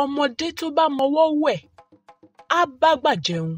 ọmọdé tó bá mọwọ́ wẹ̀ á bágbà jẹun